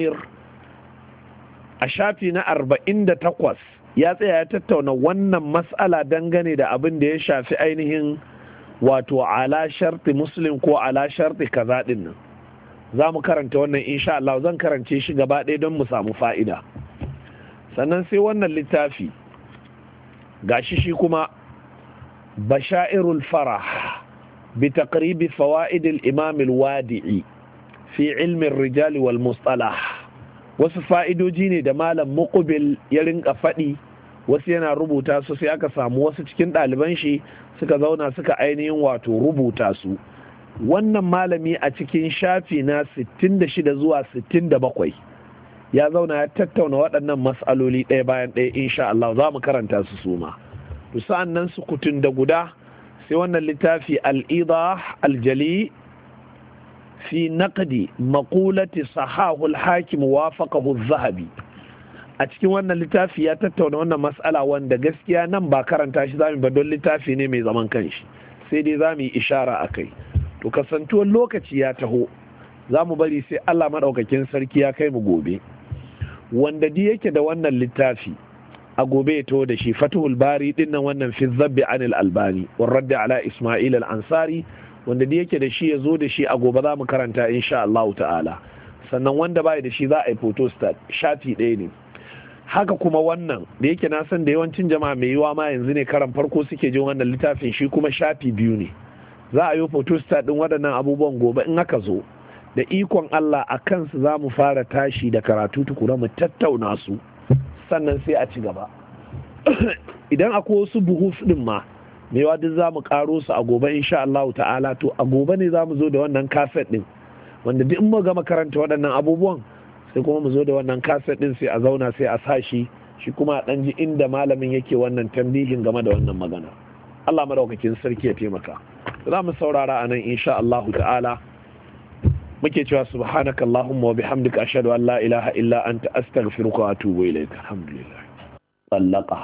a shafi na arba'in da takwas ya tsaya ya tattauna wannan matsala dangane da abin da ya shafi ainihin wato ala sharti muslim ko ala sharti kaza din nan za mu karanta wannan insha Allah zan karance shi gaba ɗaya don mu samu fa'ida sannan sai wannan littafi ga shi shi kuma bashairul farah bi taqribi fawa'idil Imamil imam al-wadi'i fi ilmin rijali wal mustalah wasu fa'idoji ne da malam mukubil ya rinka faɗi wasu yana rubuta su sai aka samu wasu cikin ɗaliban shi suka zauna suka ainihin wato rubuta su wannan malami a cikin shafi na 66 zuwa 67 ya zauna ya tattauna waɗannan matsaloli ɗaya bayan ɗaya insha Allah za mu karanta su suma su sa'an nan su kutun da guda sai wannan littafi al'ida aljali fi naqdi maqulati sahahul hakim wafaqahu zahabi a cikin wannan littafi ya tattauna wannan mas'ala wanda gaskiya nan ba karanta shi zamu ba don littafi ne mai zaman kanshi sai dai zamu yi ishara kai. to kasantuwar lokaci ya taho zamu bari sai Allah madaukakin sarki ya kai mu gobe wanda di yake da wannan littafi a gobe ya taho da shi fatuhul bari dinnan wannan fi zabbi anil albani wa radda ala isma'il al ansari wanda da yake da shi ya zo da shi a gobe za mu karanta insha Allah ta'ala sannan wanda bai da shi za a yi photostat shafi ɗaya ne haka kuma wannan da yake na san da yawancin jama'a mai yiwa ma yanzu ne karan farko suke jin wannan littafin shi kuma shafi biyu ne za a yi photostat din waɗannan abubuwan gobe in aka zo da ikon Allah a kansu za mu fara tashi da karatu tukuna mu tattauna su sannan sai a ci gaba idan akwai wasu buhuf din ma mewa duk za mu karo su a gobe insha Allah ta'ala to a gobe ne za mu zo da wannan kaset din wanda duk mu gama karanta waɗannan abubuwan sai kuma mu zo da wannan kaset din sai a zauna sai a sa shi shi kuma a ji inda malamin yake wannan tambihin game da wannan magana Allah madaukakin sarki ya taimaka za mu saurara a nan insha Allah ta'ala muke cewa subhanaka allahumma wa bihamdika ashhadu an la ilaha illa anta astaghfiruka wa atubu ilayk alhamdulillah